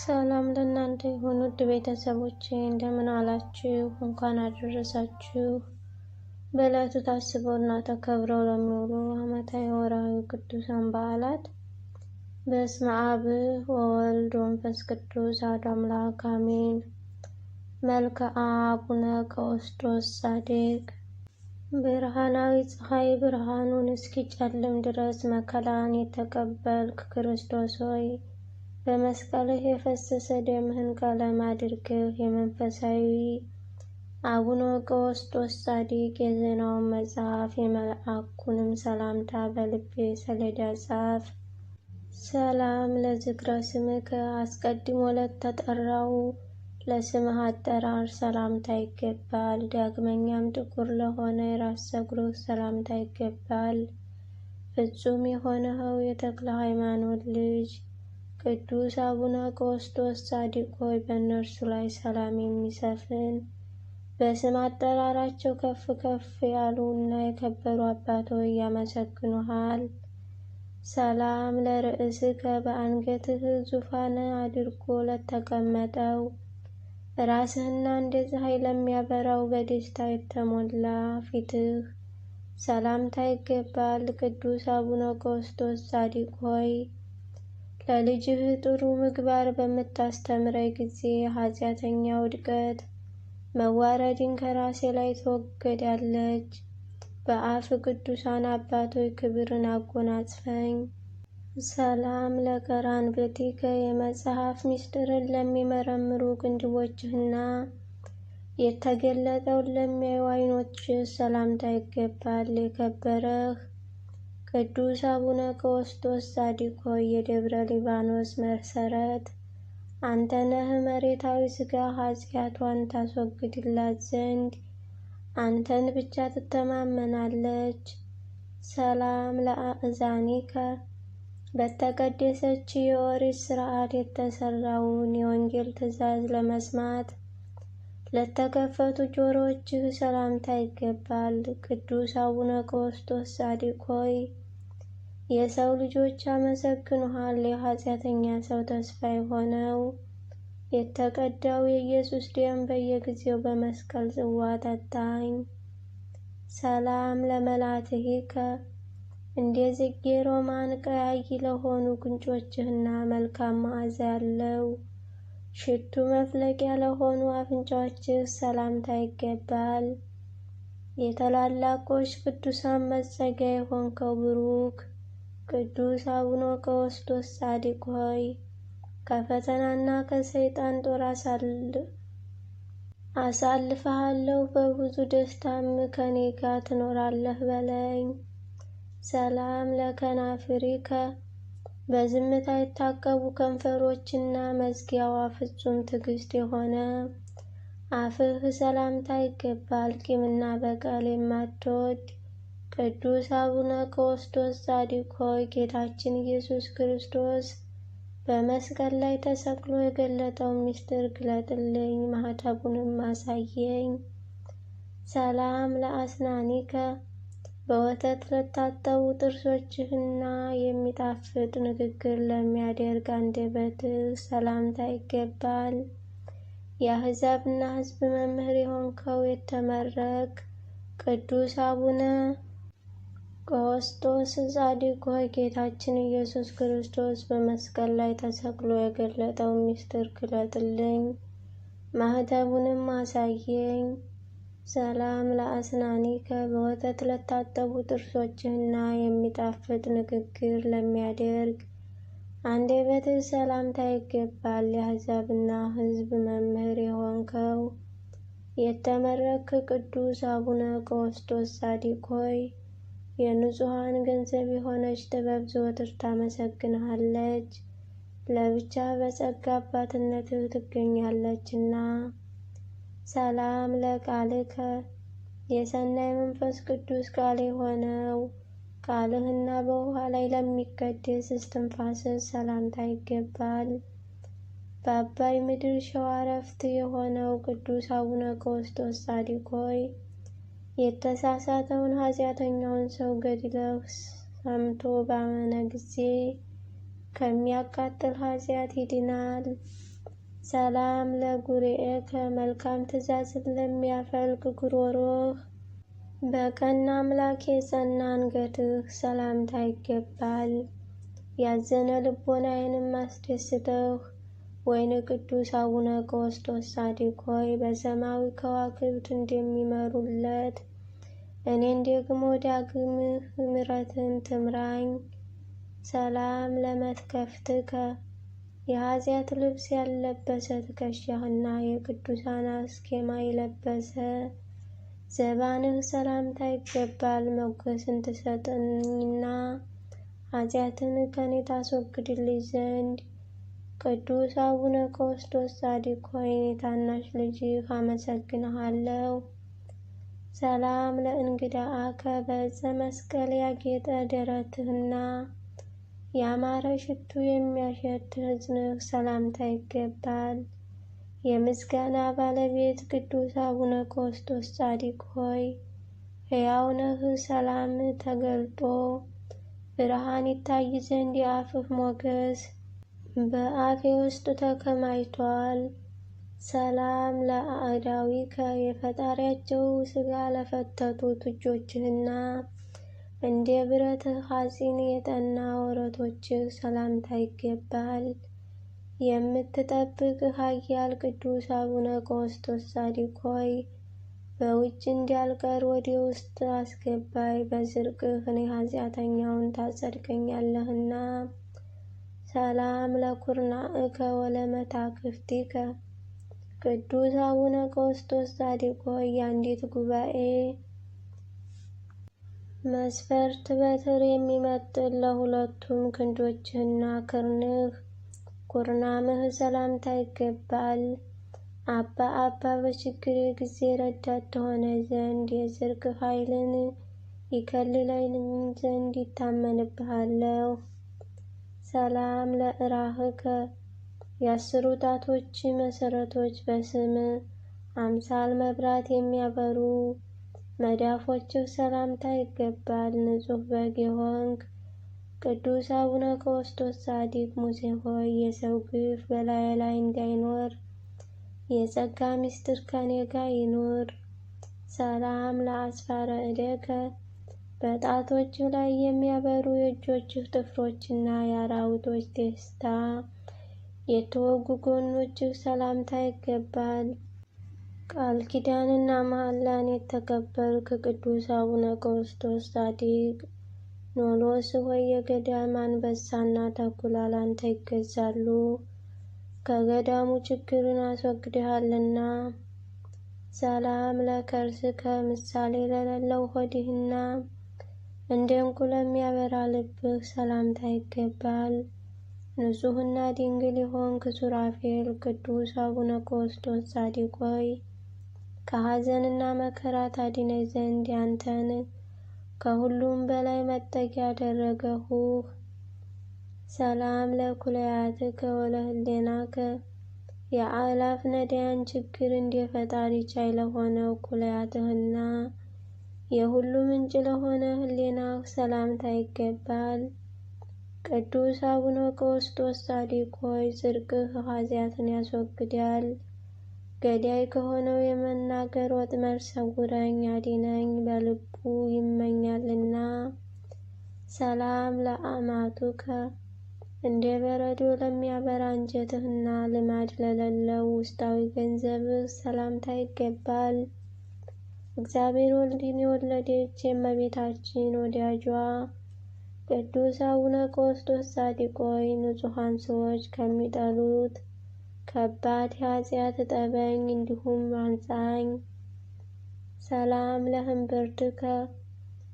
ሰላም ለእናንተ የሆኑ ውድ ቤተሰቦች እንደምን አላችሁ? እንኳን አደረሳችሁ። ታስበው ታስበውና ተከብረው ለሚውሉ ዓመታዊ ወርሃዊ ቅዱሳን በዓላት በስመ አብ ወወልድ ወመንፈስ ቅዱስ አሐዱ አምላክ አሜን። መልክአ አቡነ ቀውስጦስ ጻድቅ። ብርሃናዊ ፀሐይ ብርሃኑን እስኪጨልም ድረስ መከላን የተቀበልክ ክርስቶስ ሆይ በመስቀልህ የፈሰሰ ደምህን ቀለም አድርገህ የመንፈሳዊ አቡነ ቀውስጦስ ጻድቅ የዜናውን መጽሐፍ የመልአኩንም ሰላምታ በልቤ ሰሌዳ ጻፍ። ሰላም ለዝክረ ስምከ አስቀድሞ ለተጠራው ለስምህ አጠራር ሰላምታ ይገባል። ዳግመኛም ጥቁር ለሆነ የራስ ፀጉርህ ሰላምታ ይገባል። ፍጹም የሆነኸው የተክለ ሃይማኖት ልጅ ቅዱስ አቡነ ቆስጦስ ጻድቅ ሆይ በእነርሱ ላይ ሰላም የሚሰፍን በስም አጠራራቸው ከፍ ከፍ ያሉ እና የከበሩ አባት ሆይ ያመሰግኑሃል። ሰላም ለርእስከ በአንገትህ ዙፋን አድርጎ ለተቀመጠው ራስህና እንደ ፀሐይ ለሚያበራው በደስታ የተሞላ ፊትህ ሰላምታ ይገባል። ቅዱስ አቡነ ቆስጦስ ጻድቅ ሆይ ለልጅህ ጥሩ ምግባር በምታስተምረኝ ጊዜ ኃጢአተኛ ውድቀት መዋረድን ከራሴ ላይ ትወገዳለች። በአፍ ቅዱሳን አባቶች ክብርን አጎናጽፈኝ። ሰላም ለከራን ብቲከ የመጽሐፍ ምስጢርን ለሚመረምሩ ግንድቦችህና የተገለጠውን ለሚያዩ አይኖች ሰላምታ ይገባል። የከበረህ ቅዱስ አቡነ ቀውስጦስ ጻድቆ የደብረ ሊባኖስ መሰረት አንተ ነህ መሬታዊ ሥጋ ኃጢአቷን ታስወግድላት ዘንድ አንተን ብቻ ትተማመናለች። ሰላም ለአእዛኒከ በተቀደሰች የኦሪት ሥርዓት የተሰራውን የወንጌል ትእዛዝ ለመስማት ለተከፈቱ ጆሮዎች ሰላምታ ይገባል። ቅዱስ አቡነ ቀውስጦስ ጻድቅ ሆይ የሰው ልጆች አመሰግኑሃል። የኃጢአተኛ ሰው ተስፋ የሆነው የተቀዳው የኢየሱስ ደም በየጊዜው በመስቀል ጽዋ ጠጣኝ። ሰላም ለመላትሂከ እንደ ጽጌ ሮማን ቀያይ ለሆኑ ጉንጮችህና መልካም መዓዛ ያለው ሽቱ መፍለቂያ ለሆኑ አፍንጫዎችህ ሰላምታ ይገባል። የታላላቆች ቅዱሳን መጸጊያ የሆንከው ብሩክ ቅዱስ አቡነ ቀውስጦስ ጻድቅ ሆይ ከፈተናና ከሰይጣን ጦር አሳልፈሃለሁ፣ በብዙ ደስታም ከኔ ጋር ትኖራለህ በለኝ። ሰላም ለከናፍሪከ በዝምታ የታቀቡ ከንፈሮችና መዝጊያዋ ፍጹም ትዕግስት የሆነ አፍህ ሰላምታ ይገባል። ቂምና በቀል የማትወድ ቅዱስ አቡነ ቀውስጦስ ጻድቅ ሆይ ጌታችን ኢየሱስ ክርስቶስ በመስቀል ላይ ተሰቅሎ የገለጠው ምስጢር ግለጥልኝ፣ ማህተቡንም አሳየኝ። ሰላም ለአስናኒከ በወተት ለታጠቡ ጥርሶችህና የሚጣፍጥ ንግግር ለሚያደርግ አንደበትህ ሰላምታ ይገባል። የአሕዛብና ሕዝብ መምህር የሆንከው የተመረቅ ቅዱስ አቡነ ቀውስጦስ ጻድቅ ሆይ ጌታችን ኢየሱስ ክርስቶስ በመስቀል ላይ ተሰቅሎ የገለጠው ምስጢር ግለጥልኝ፣ ማኅተቡንም አሳየኝ። ሰላም ለአስናኒከ በወተት ለታጠቡ ጥርሶችህና የሚጣፍጥ ንግግር ለሚያደርግ አንደበትህ ሰላምታ ይገባል። የአሕዛብና ሕዝብ መምህር የሆንከው የተመረክ ቅዱስ አቡነ ቀውስጦስ ሳዲኮይ ሆይ የንጹሐን ገንዘብ የሆነች ጥበብ ዘወትር ታመሰግንሃለች። ለብቻ በጸጋ አባትነትህ ትገኛለችና ሰላም ለቃልከ የሰናይ መንፈስ ቅዱስ ቃል የሆነው ቃልህና በውሃ ላይ ለሚቀድስ እስትንፋስ ሰላምታ ይገባል። በአባይ ምድር ሸዋ እረፍት የሆነው ቅዱስ አቡነ ቀውስጦስ ጻድቅ ሆይ የተሳሳተውን ኃጢአተኛውን ሰው ገድለህ ሰምቶ ባመነ ጊዜ ከሚያቃጥል ኃጢአት ይድናል። ሰላም ለጉርኤከ መልካም ትእዛዝን ለሚያፈልቅ ጉሮሮህ በቀና አምላክ የጸና አንገትህ ሰላምታ ይገባል። ያዘነ ልቦናዬንም አስደስተው ወይን ቅዱስ አቡነ ቀውስጦስ ጻድቅ ሆይ በሰማያዊ ከዋክብት እንደሚመሩለት እኔን ደግሞ ዳግምህ ምሕረትን ትምራኝ። ሰላም ለመትከፍትከ የኀጢአት ልብስ ያለበሰ ትከሻህና የቅዱሳን አስኬማ የለበሰ ዘባንህ ሰላምታ ይገባል። ሞገስን ትሰጠኝና ኀጢአትን ከኔ ታስወግድልኝ ዘንድ ቅዱስ አቡነ ቀውስጦስ ጻድቅ ሆይ ታናሽ ልጅህ አመሰግንሃለሁ። ሰላም ለእንግዳ አከ በዕፀ መስቀል ያጌጠ ደረትህና ያማረ ሽቱ የሚያሸት ሕዝንህ ሰላምታ ይገባል። የምስጋና ባለቤት ቅዱስ አቡነ ቆስጦስ ጻዲቅ ሆይ ሕያው ነህ። ሰላም ተገልጦ ብርሃን ይታይ ዘንድ የአፍህ ሞገስ በአፌ ውስጥ ተከማችቷል። ሰላም ለአዕዳዊከ የፈጣሪያቸው ስጋ ለፈተቱት እጆችህና እንደ ብረት ሐፂን የጠና ወረቶችህ ሰላምታ ይገባል። የምትጠብቅ ኃያል ቅዱስ አቡነ ቆስጦስ ጻድቅ ሆይ በውጭ እንዳልቀር ወደ ውስጥ አስገባይ። በዝርቅህ እኔ ኃጢአተኛውን ታጸድቀኛለህና። ሰላም ለኩርናእከ ወለመታክፍቲከ ቅዱስ አቡነ ቆስጦስ ጻድቅ ሆይ የአንዲት ጉባኤ መስፈርት በትር የሚመጥን ለሁለቱም ክንዶችህና ክርንህ ኩርናምህ ሰላምታ ይገባል። አባ አባ በችግር ጊዜ ረዳት ተሆነ ዘንድ የዝርቅ ኃይልን ይከልለኝ ዘንድ ይታመንብሃለው። ሰላም ለእራህከ የአስሩ ጣቶች መሰረቶች በስም አምሳል መብራት የሚያበሩ መዳፎችህ ሰላምታ ይገባል። ንጹሕ በግ የሆንክ ቅዱስ አቡነ ቀውስጦስ ጻድቅ ሙሴ ሆይ የሰው ግፍ በላይ ላይ እንዳይኖር የጸጋ ምስጢር ከኔ ጋር ይኑር። ሰላም ለአስፋረ እደከ በጣቶች ላይ የሚያበሩ የእጆችህ ጥፍሮችና የአራዊቶች ደስታ የተወጉ ጎኖችህ ሰላምታ ይገባል። ቃል ኪዳንና መሐላን የተከበርክ ከቅዱስ አቡነ ቀውስጦስ ጻድቅ ኖሎስ ሆይ የገዳም አንበሳና ተኩላ ላንተ ይገዛሉ። ከገዳሙ ችግርን አስወግድሃልና። ሰላም ለከርስ ከምሳሌ ለሌለው ሆድህና እንደ ዕንቁ ለሚያበራ ልብህ ሰላምታ ይገባል። ንጹህና ድንግል የሆንክ ሱራፌል ቅዱስ አቡነ ቀውስጦስ ጻድቅ ሆይ ከሐዘንና መከራ ታድነኝ ዘንድ ያንተን ከሁሉም በላይ መጠጊያ ያደረገሁህ። ሰላም ለኩለያትከ ወለህሌናከ የአእላፍ ነዳያን ችግር እንደ ፈጣሪ ቻይ ለሆነው ኩለያትህና የሁሉ ምንጭ ለሆነ ህሌናህ ሰላምታ ይገባል። ቅዱስ አቡነ ቀውስጦስ ጻድቅ ሆይ ጽድቅህ ኃጢአትን ያስወግዳል። ገዳይ ከሆነው የመናገር ወጥመድ ሰውረኝ አድነኝ በልቡ ይመኛልና። ሰላም ለአማቱከ እንደ በረዶ ለሚያበራ አንጀትህና ልማድ ለሌለው ውስጣዊ ገንዘብህ ሰላምታ ይገባል። እግዚአብሔር ወልድን የወለደች የእመቤታችን ወዳጇ ቅዱስ አቡነ ቀውስጦስ ጻድቅ ሆይ ንጹሐን ሰዎች ከሚጠሉት ከባድ የኃጢአት እጠበኝ እንዲሁም አንጻኝ። ሰላም ለህንብርድከ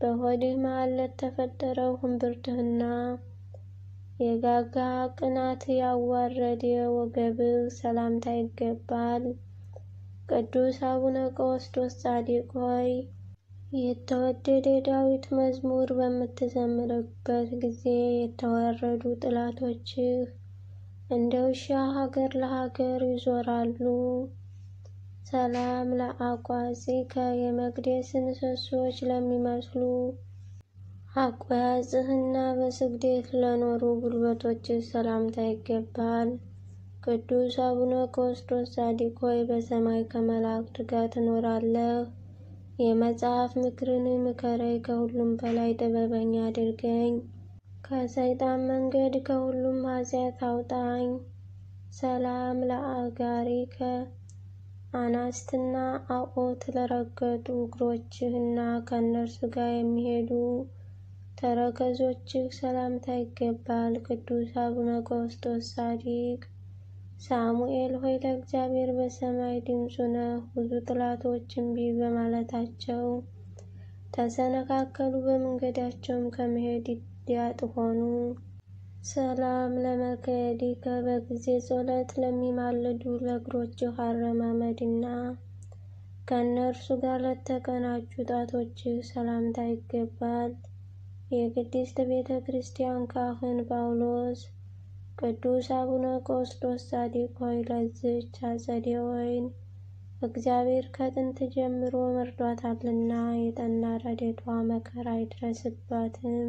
በሆድህ ማለት ተፈጠረው ህንብርድህና የጋጋ ቅናት ያዋረደ ወገብህ ሰላምታ ይገባል። ቅዱስ አቡነ ቀውስጦስ ጻድቅ ሆይ የተወደደ የዳዊት መዝሙር በምትዘምርበት ጊዜ የተዋረዱ ጥላቶችህ እንደ ውሻ ሀገር ለሀገር ይዞራሉ። ሰላም ለአቋጽከ የመቅደስ ምሰሶች ለሚመስሉ አቋያጽህና በስግዴት ለኖሩ ጉልበቶች ሰላምታ ይገባል። ቅዱስ አቡነ ቀውስጦስ ጻድቅ ሆይ በሰማይ ከመላእክት ጋር ትኖራለህ። የመጽሐፍ ምክርን ምከረይ፣ ከሁሉም በላይ ጥበበኛ አድርገኝ። ከሰይጣን መንገድ ከሁሉም ኃጢአት አውጣኝ። ሰላም ለአጋሪከ አናስትና አኦት ለረገጡ እግሮችህና ከእነርሱ ጋር የሚሄዱ ተረከዞችህ ሰላምታ ይገባል። ቅዱስ አቡነ ቀውስጦስ ጻዲቅ። ሳሙኤል ሆይ ለእግዚአብሔር በሰማይ ድምፁ ነህ። ብዙ ጥላቶች እምቢ በማለታቸው ተሰነካከሉ፣ በመንገዳቸውም ከመሄድ ሆኑ። ሰላም ለመከየዲከ በጊዜ ጸሎት ለሚማልዱ ለእግሮች አረማመድና ከእነርሱ ጋር ለተቀናጁ ጣቶችህ ሰላምታ ይገባል። የቅድስት ቤተ ክርስቲያን ካህን ጳውሎስ፣ ቅዱስ አቡነ ቆስጦስ ጻዲቅ ሆይ ለዝች አጸዴ ወይን እግዚአብሔር ከጥንት ጀምሮ መርዷታልና የጠና ረድኤቷ መከራ አይድረስባትም።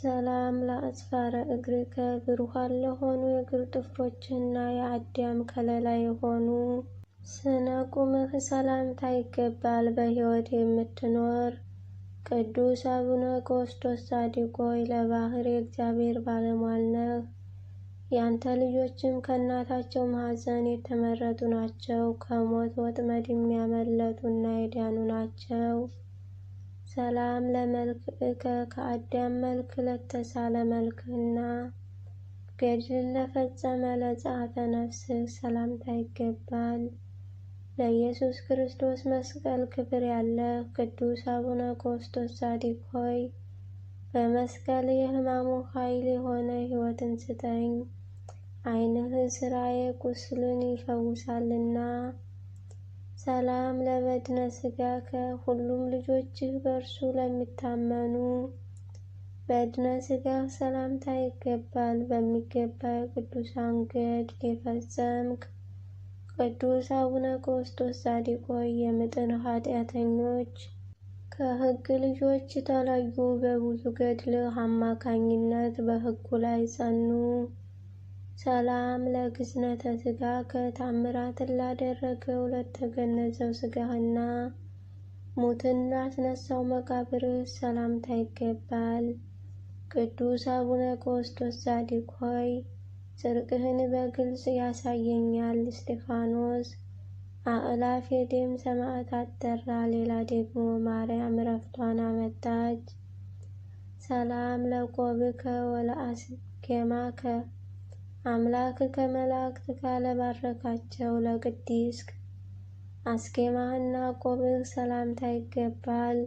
ሰላም ለአጽፋረ እግርከ ብሩሃን ለሆኑ የእግር ጥፍሮችህና የአዳም ከለላ የሆኑ ስነ ቁምህ ሰላምታ ይገባል። በሕይወት የምትኖር ቅዱስ አቡነ ቀውስጦስ ጻድቅ ሆይ ለባህር የእግዚአብሔር ባለሟል ነህ። ያንተ ልጆችም ከእናታቸው ማኅፀን የተመረጡ ናቸው፣ ከሞት ወጥመድ የሚያመለጡ እና የዳኑ ናቸው። ሰላም ለመልክ እከ ከአዳም መልክ ለተሳለ መልክና ገድል ለፈጸመ ለጸአተ ነፍስ ሰላምታ ይገባል። ለኢየሱስ ክርስቶስ መስቀል ክብር ያለ ቅዱስ አቡነ ቆስጦስ ጻዲቅ ሆይ በመስቀል የሕማሙ ኃይል የሆነ ሕይወትን ስጠኝ፣ ዓይንህ ሥራዬ ቁስልን ይፈውሳልና። ሰላም ለበድነ ስጋከ ሁሉም ልጆችህ በእርሱ ለሚታመኑ በድነ ስጋ ሰላምታ ይገባል። በሚገባ የቅዱሳን ገድል የፈጸምክ ቅዱስ አቡነ ቆስጦስ ጻድቅ ሆይ የምጥን ኃጢአተኞች ከሕግ ልጆች ተለዩ በብዙ ገድልህ አማካኝነት በሕጉ ላይ ጸኑ። ሰላም ለግዝነተ ሥጋ ከታምራት ላደረገ ለተገነዘው ስጋህና ሙትን ላስነሳው መቃብርህ ሰላምታ ይገባል። ቅዱስ አቡነ ቀውስጦስ ጻድቅ ሆይ ጽድቅህን በግልጽ ያሳየኛል። እስጢፋኖስ አእላፍ የደም ሰማዕታት ጠራ። ሌላ ደግሞ ማርያም ረፍቷን አመጣች። ሰላም ለቆብከ ወለአስኬማከ አምላክ ከመላእክት ካለባረካቸው ለቅዲስ አስኬማህና ቆብህ ሰላምታ ይገባል።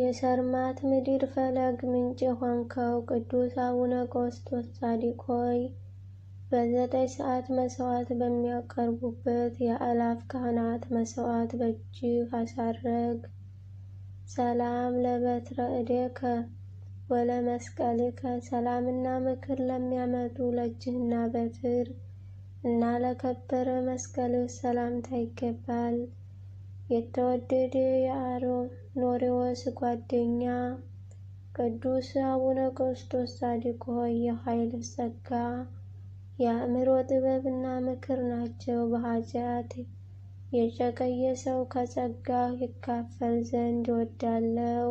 የሰርማት ምድር ፈለግ ምንጭ ሆንከው ቅዱስ አቡነ ቆስጦስ ጻዲቅ ሆይ በዘጠኝ ሰዓት መስዋዕት በሚያቀርቡበት የአላፍ ካህናት መስዋዕት በእጅህ አሳረግ። ሰላም ለበትረ እዴከ ወለመስቀልከ ሰላምና ምክር ለሚያመጡ ለእጅህና በትር እና ለከበረ መስቀልህ ሰላምታ ይገባል። የተወደደ የአኖሬዎስ ጓደኛ ቅዱስ አቡነ ቀውስጦስ ጻድቅ ሆይ የኃይል ጸጋ የአእምሮ ጥበብና ምክር ናቸው። በኃጢአት የጨቀየ ሰው ከጸጋ ይካፈል ዘንድ ወዳለው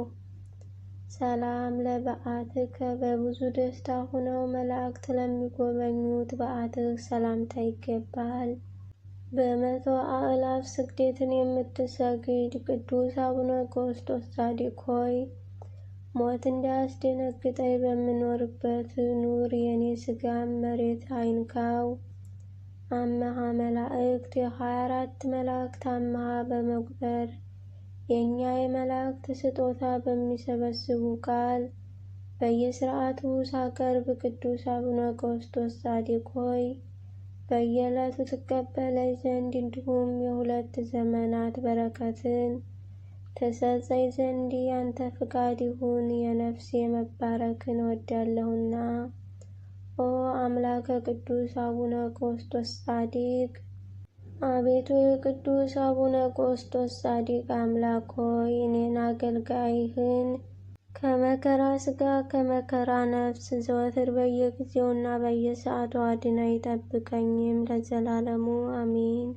ሰላም ለበዓትከ በብዙ ደስታ ሆነው መላእክት ለሚጎበኙት በዓትህ ሰላምታ ይገባል። በመቶ አእላፍ ስግዴትን የምትሰግድ ቅዱስ አቡነ ቀውስጦስ ጻድቅ ሆይ ሞት እንዳያስደነግጠኝ በምኖርበት ኑር፣ የኔ ስጋም መሬት አይንካው። አመሃ መላእክት የሀያ አራት መላእክት አመሃ በመጉበር የእኛ የመላእክት ስጦታ በሚሰበስቡ ቃል በየስርዓቱ ሳቀርብ ቅዱስ አቡነ ቀውስጦስ ጻድቅ ሆይ በየዕለቱ ትቀበለኝ ዘንድ እንዲሁም የሁለት ዘመናት በረከትን ተሰጸኝ ዘንድ ያንተ ፍቃድ ይሁን፣ የነፍሴ መባረክን ወዳለሁና። ኦ አምላከ ቅዱስ አቡነ ቀውስጦስ ጻድቅ አቤቱ የቅዱስ አቡነ ቆስጦስ ጻድቅ አምላክ ሆይ እኔን አገልጋይህን ከመከራ ስጋ ከመከራ ነፍስ ዘወትር በየጊዜውና በየሰዓቱ አድና ይጠብቀኝም ለዘላለሙ አሜን።